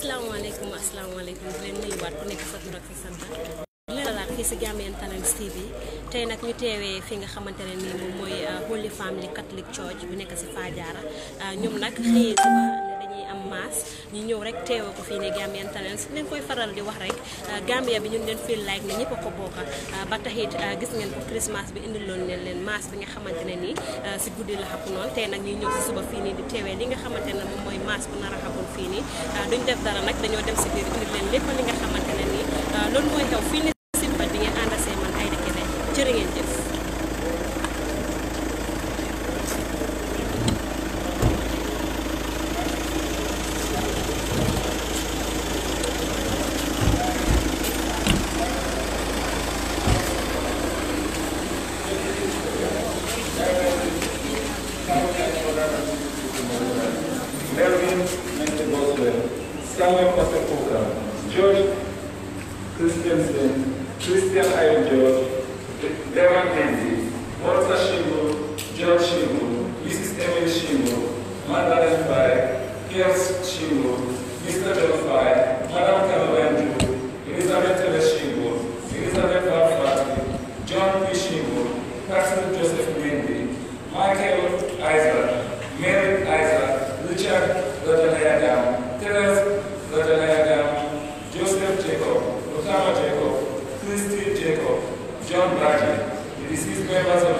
asalaamaaleykum asalaamaaleykum di leen nuyuwaat ku nekk sa tur ak sa sant di leen laalaat fii si Gambian Talents TV tey nag ñu teewee fi nga xamante ne nii moom mooy uh, Holy Family Catholic Church bu nekk si Fajara uh, ñoom nag xëy am masse ñu ñëw rek teewee ko fii ne Gambian Talents leen koy faral di wax rek euh, Gambia bi ñun leen feel like ne ñëpp a ko bokka euh, ba taxit euh, gis ngeen ko Christmas bi indil loon leen leen masse bi nga xamante ne nii si guddi la xaku noonu tey nag ñuy ñëw si suba fii nii di teewee li nga xamante ne moom mooy masse bu a fii nii duñ def dara nag dañoo dem si biir ngir leen lépp li nga xamante ne nii loolu mooy xew fii nii si di ngeen ànd man ay dëkk jërë ngeen ayrılıyor. Devam Kendi, Orta Şimur, Can Şimur, Yıldız Emel Şimur, Madalya Pierce Mr. John Faye, Madame Kalabancı, Gracias.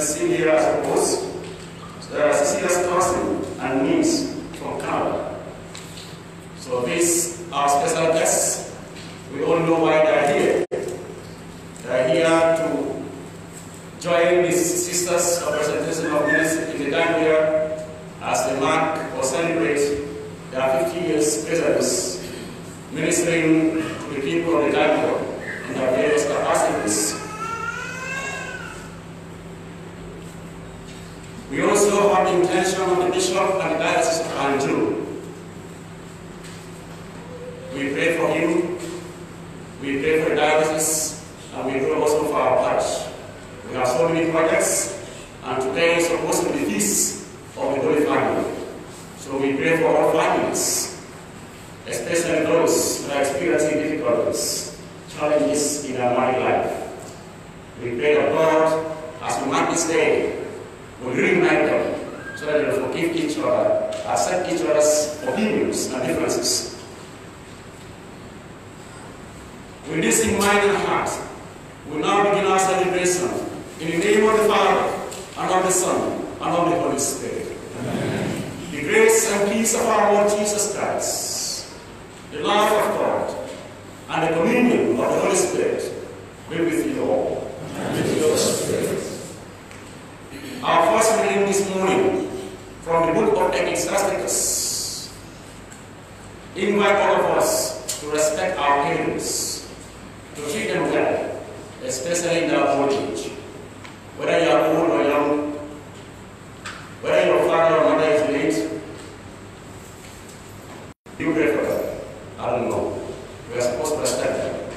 Cecilia Suppose, uh, Cecilia's cousin and niece from Canada. So these are special guests. We all know why they are here. They are here to join these sisters of presentation of ministry in the Gambia as they mark or celebrate their 50 years presence ministering to the people of the Gambia in their various capacities. the intention of the bishop and diocese of Anjou. We pray for him, we pray for the diocese, and we pray also for our parish. We have so many projects, and today is supposed to be feast of the Holy Family. So we pray for all families, especially those who are experiencing difficulties, challenges in their married life. We pray that God, as we mark this day, will reunite them so that we forgive each other, accept each other's opinions and differences. With this in mind and heart, we now begin our celebration in the name of the Father, and of the Son, and of the Holy Spirit. Amen. The grace and peace of our Lord Jesus Christ, the love of God, and the communion of the Holy Spirit be with you all. And with your spirit. Our first reading this morning from the book of Ecclesiasticus invite all of us to respect our parents, to treat them well, especially in their old age. Whether you are old or young, whether your father or mother is late, you pray I don't know. We are supposed to respect them.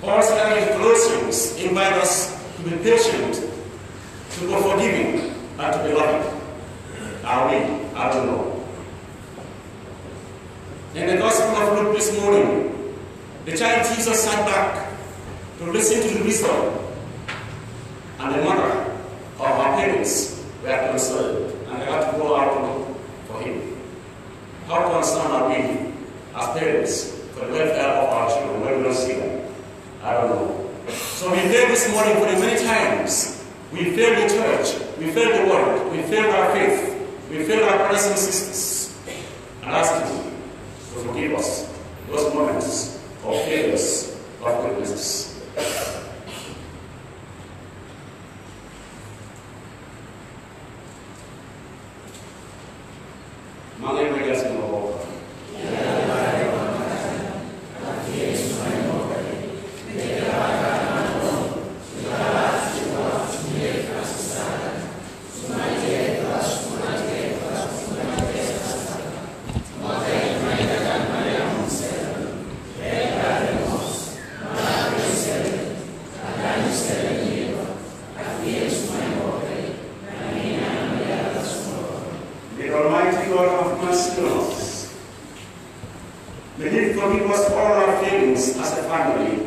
Paul's family closings invite us to be patient, to be forgiving, and to be loving. Are we? I don't know. In the Gospel of Luke this morning, the child Jesus sat back to listen to the wisdom, and the mother or her parents were concerned, and they had to go out for him. How concerned are we as parents for the welfare of our children when we don't see them? I don't know. So we failed this morning for the many times. We failed the church. We failed the world. We failed our faith. We feel like brothers and sisters and ask you to forgive those moments of failures of goodness. The need for me was all our feelings as a family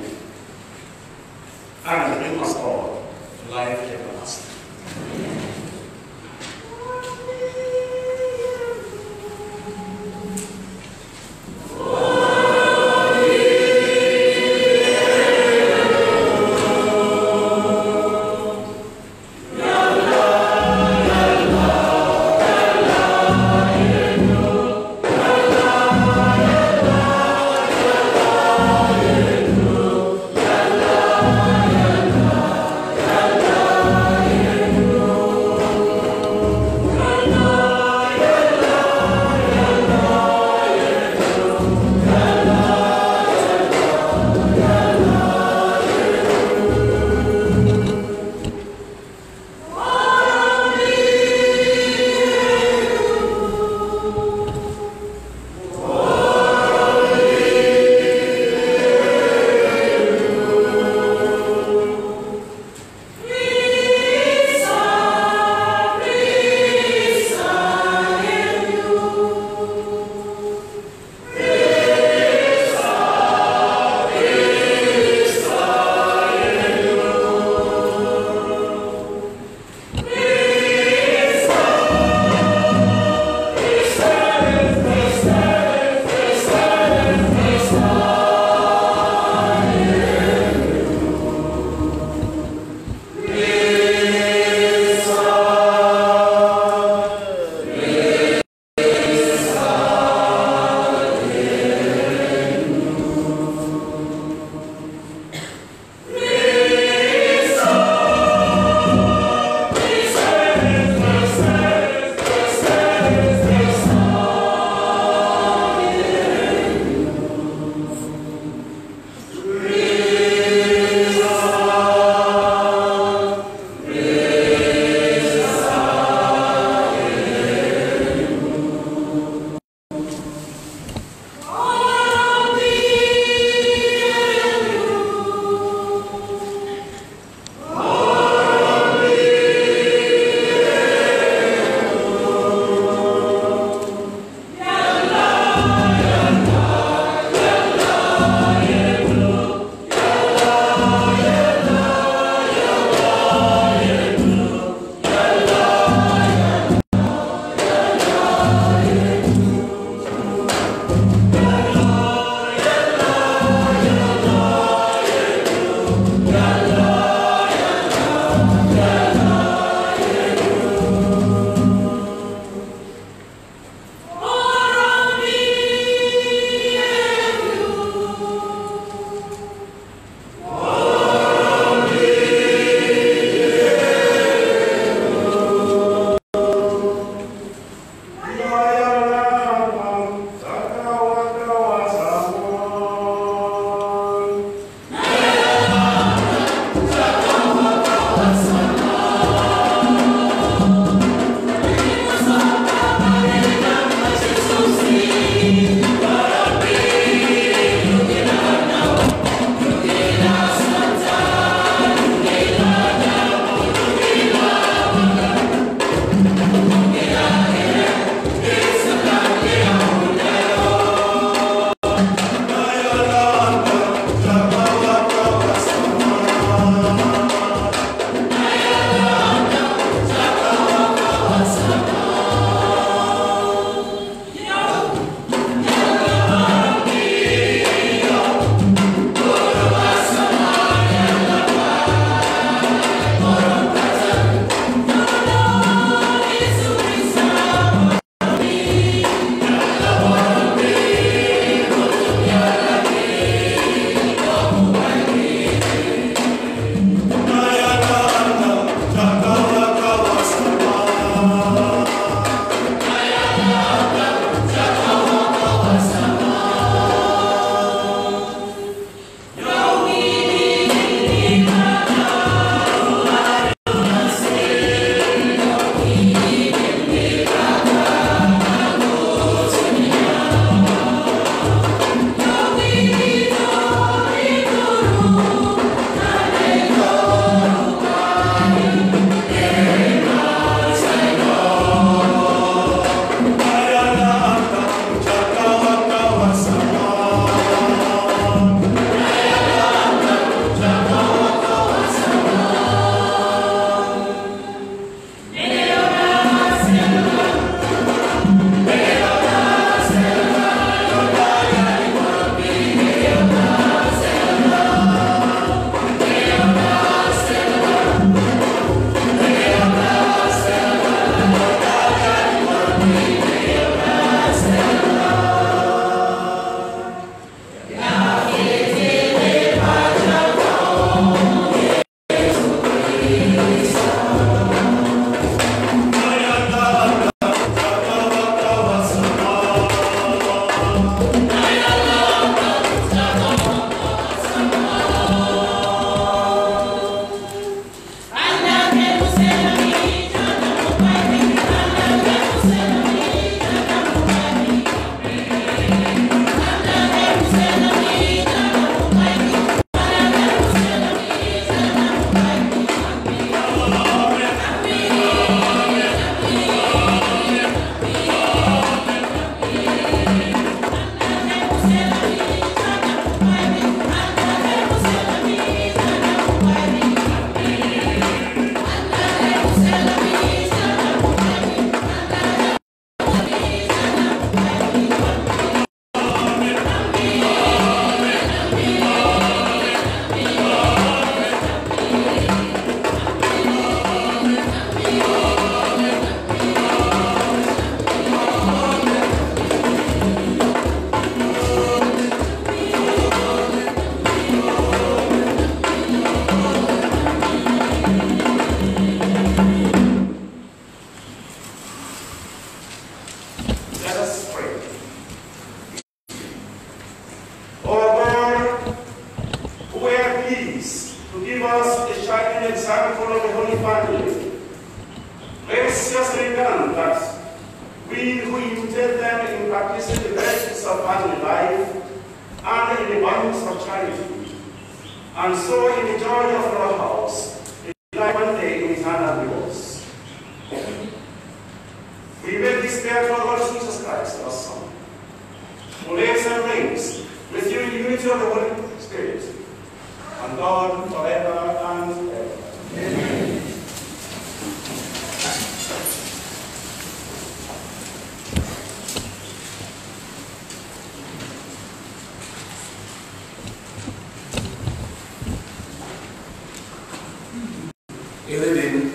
evident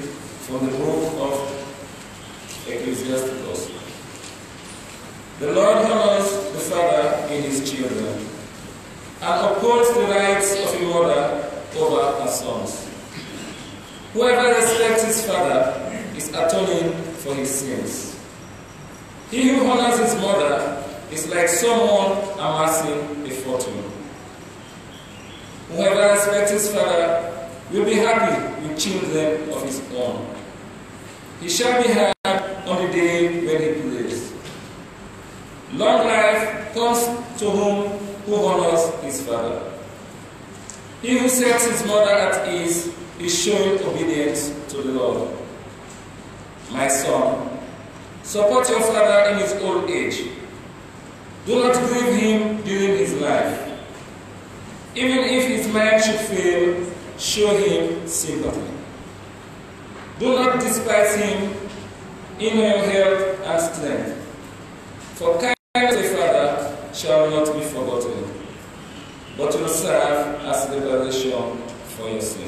from the book of Ecclesiastes. The Lord honors the father in his children and upholds the rights of a mother over her sons. Whoever respects his father is atoning for his sins. He who honors his mother is like someone amassing a fortune. Whoever respects his father will be happy children of his own. He shall be heard on the day when he prays. Long life comes to him who honors his father. He who sets his mother at ease is showing obedience to the Lord. My son, support your father in his old age. Do not grieve him during his life. Even if his mind should fail, show him sympathy. Do not despise him in your health and strength, for kindness of a father shall not be forgotten, but will serve as liberation for yourself.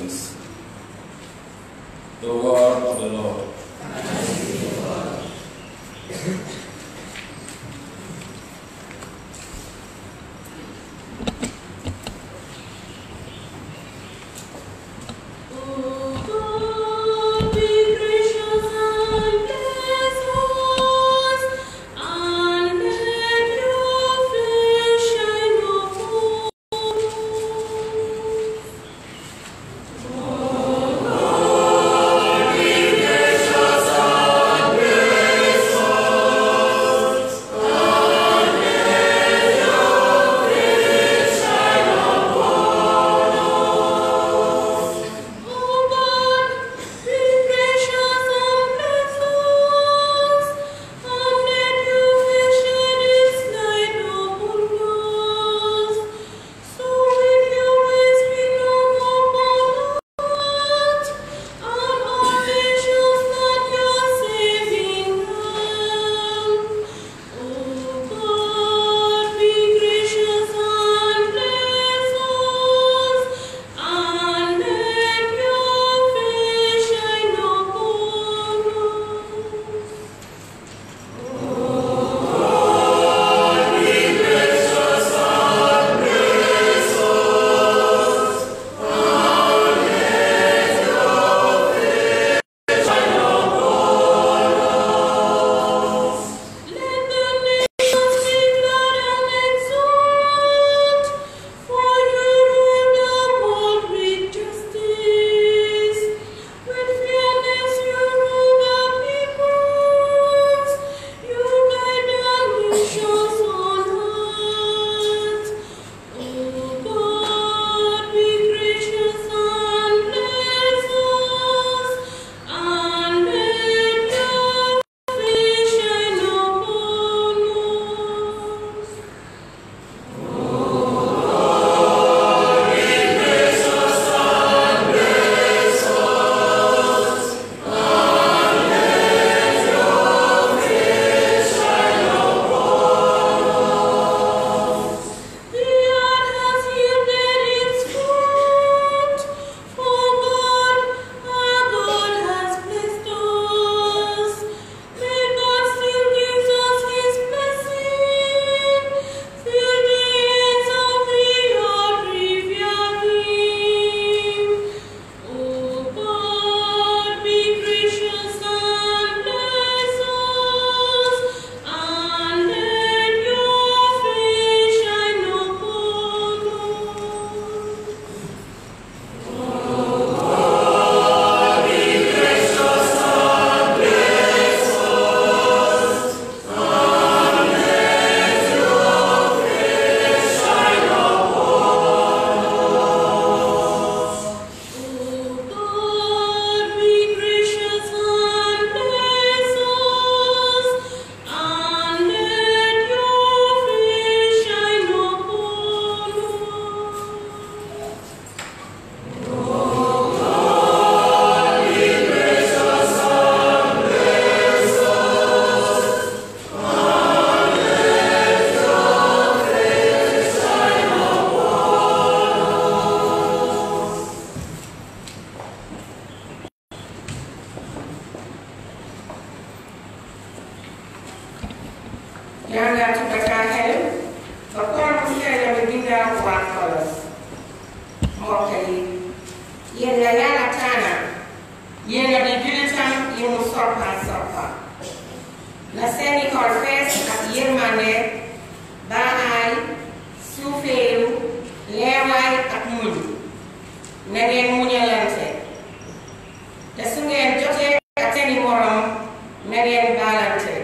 leen baalante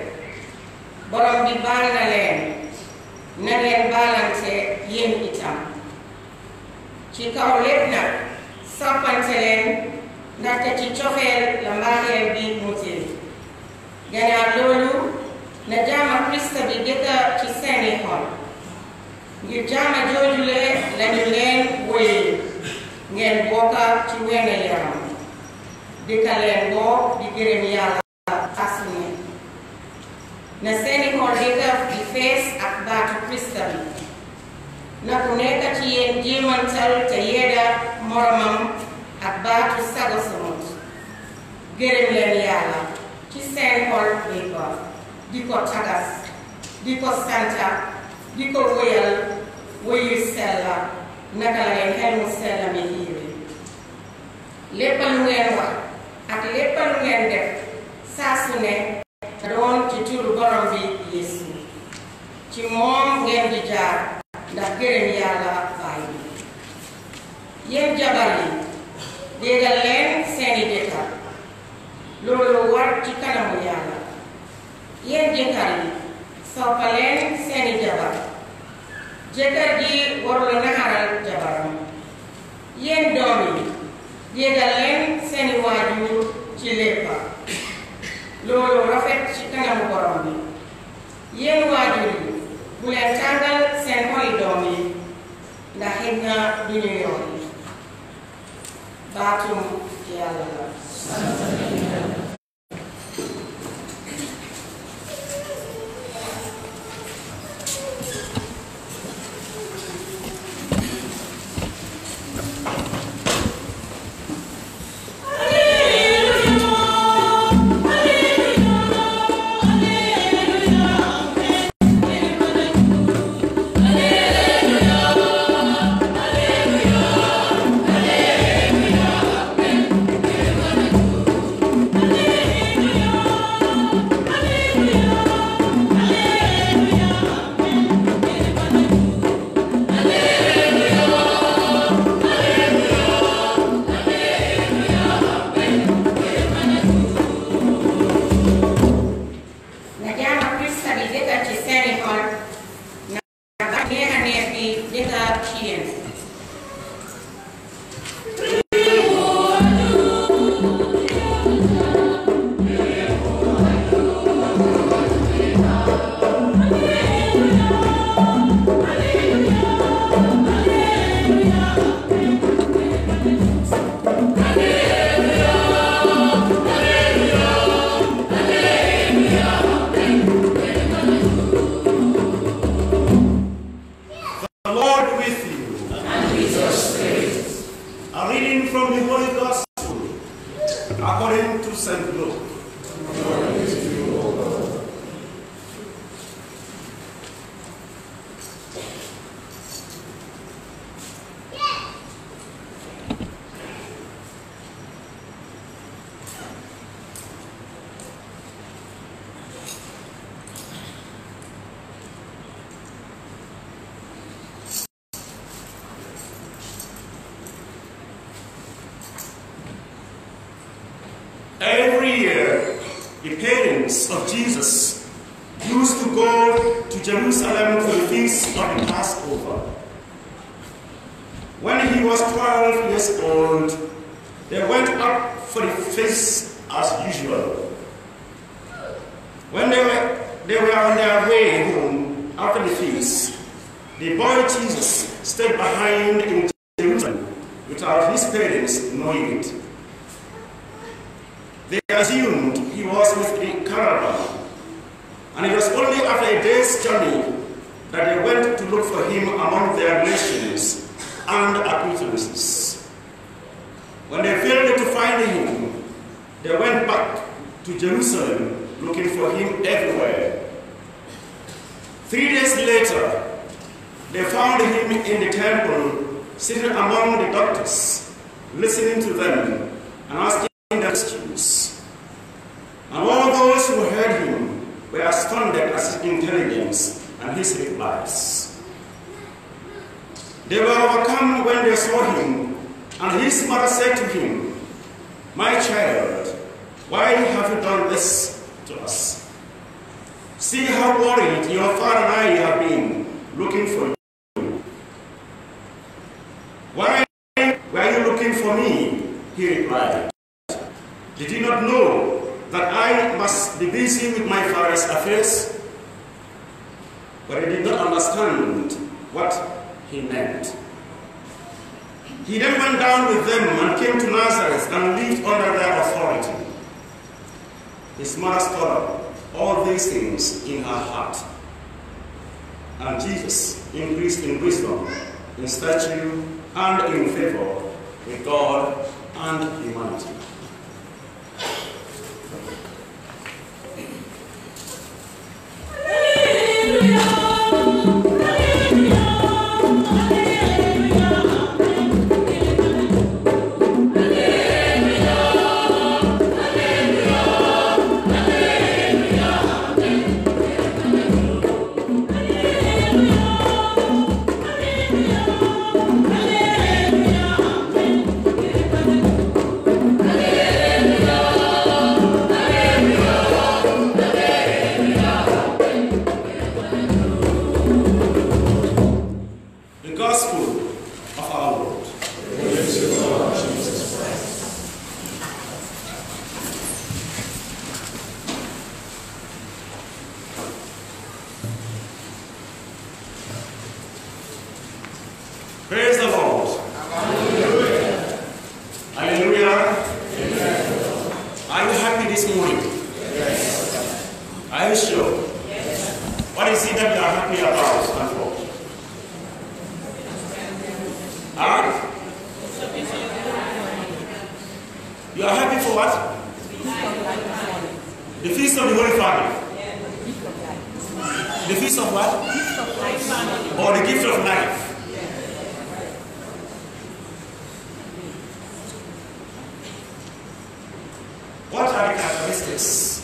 borom bi baal leen na leen baalante yéen itam ci kaw lépp nag sàppante leen ndaxte ci cofeel la mbaaxeel bi mutil gannaaw loolu na jaama Krista bi dëkk ci seeni xol ngir jaama jooju lañu leen wéy ngeen bokka ci wenn yaram dëkka leen boo di gërëm yàlla asmi na seeni congéniteurs di fees ak baatu Christam na ku nekk ci yéen jéemantal te yedda moromam ak baatu sago sumut gërëm yàlla ci seen xol bi ko di ko tagas di ko santa di ko wóyal wóyu sella naka la ngeen xel mu sella mi xiire lépp lu ngeen wax ak lépp lu ngeen def saa su ne te ci turu borom bi Yeesu ci moom ngeen di jaar ndax gërëm yàlla baay yi yéen jabar yi déggal leen seeni jëkkër loolu war ci kanamu yàlla yéen jëkkër yi soppa seeni jabar jëkkër ji warul naxaral jabaram yéen doom yi déggal leen seeni waajur ci léppa loolu rafet ci kanamu borom bi yéen waajur yi bu leen tàngal seen xoli yi ndax it na du ñu yoon yi baatum yàlla la of Jesus used to go to Jerusalem for the feast of the Passover. When he was 12 years old, they went up for the feast as usual. When they were, they were on their way home after the feast, the boy Jesus stayed behind in Jerusalem without his parents knowing it. Jerusalem looking for him everywhere. Three days later, they found him in the temple, sitting among the doctors, listening to them and asking them questions. And all those who heard him were astounded at his intelligence and his replies. They were overcome when they saw him, and his mother said to him, My child, why have you done this to us? See how worried your father and I have been looking for you. Why were you looking for me? He replied. Did you not know that I must be busy with my father's affairs? But he did not understand what he meant. He then went down with them and came to Nazareth and lived under their authority his stored up all these things in her heart. And Jesus increased in wisdom, in stature, and in favor with God and humanity. this morning? Yes. Are you sure? Yes. What is it that you are happy about and for? Huh? You are happy for what? The feast of the Holy Family. The feast of what? The of life. Or the gift of life. this.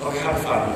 Okay, have fun.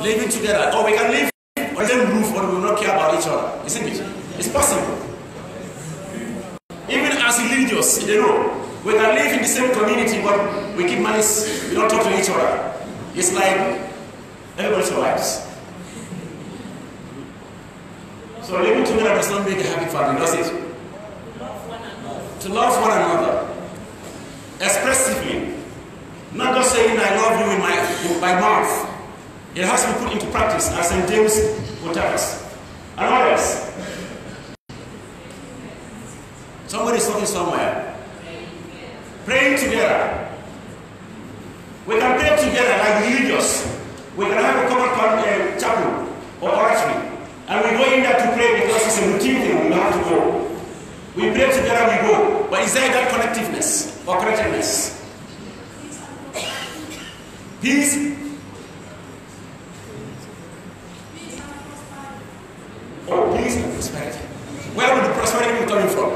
living together, or oh, we can live on the same roof, but we will not care about each other. Isn't it? It's possible. Even as religious, you know, we can live in the same community, but we keep money. We don't talk to each other. It's like everybody survives. So living together does not make a happy family, does it? To love one another expressively, not just saying I love you in my in my mouth, it has to be put into practice as St. James would tell us. And what else? Somebody is talking somewhere. Praying together. We can pray together like religious. We can have a common uh, chapel or oratory. And we go in there to pray because it's a routine thing. We have to go. We pray together, we go. But is there that connectiveness or connectedness? Peace Oh, peace and prosperity. Where will the prosperity be coming from?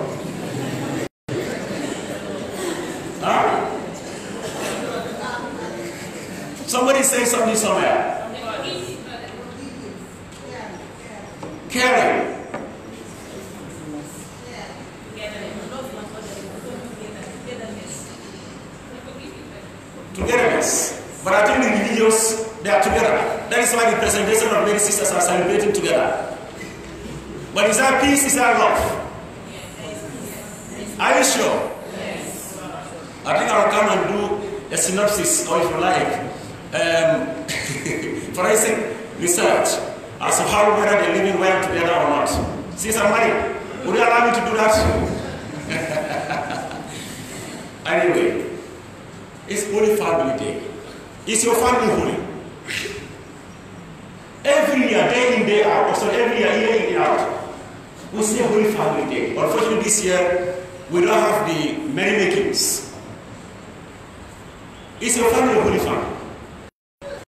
Huh? Somebody say something somewhere. Karen. is our life.